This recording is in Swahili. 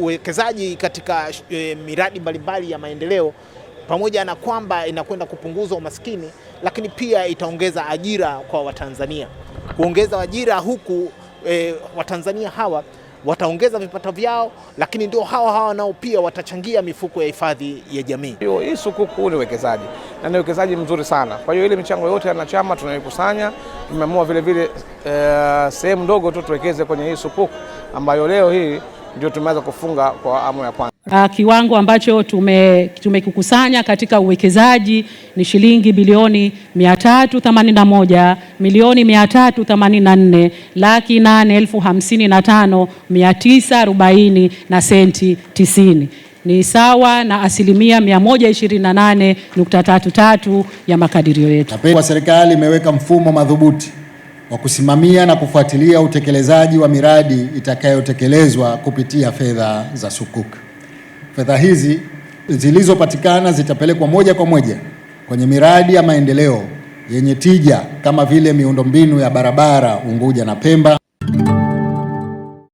Uwekezaji katika e, miradi mbalimbali ya maendeleo pamoja na kwamba inakwenda kupunguza umaskini, lakini pia itaongeza ajira kwa Watanzania. Kuongeza ajira huku e, Watanzania hawa wataongeza vipato vyao, lakini ndio hawa hawa nao pia watachangia mifuko ya hifadhi ya jamii. Hii sukuku ni uwekezaji na ni uwekezaji mzuri sana. Kwa hiyo ile michango yote yanachama tunayokusanya, tumeamua vilevile e, sehemu ndogo tu tuwekeze kwenye hii sukuku ambayo leo hii ndio tumeweza kufunga kwa awamu ya kwanza. Ah, kiwango ambacho tumekikusanya katika uwekezaji ni shilingi bilioni 381 milioni 384 laki nane elfu na tano mia tisa arobaini na senti tisini ni sawa na asilimia 128.33 ya makadirio yetu. Serikali imeweka mfumo madhubuti wa kusimamia na kufuatilia utekelezaji wa miradi itakayotekelezwa kupitia fedha za sukuk. Fedha hizi zilizopatikana zitapelekwa moja kwa moja kwenye miradi ya maendeleo yenye tija kama vile miundombinu ya barabara Unguja na Pemba.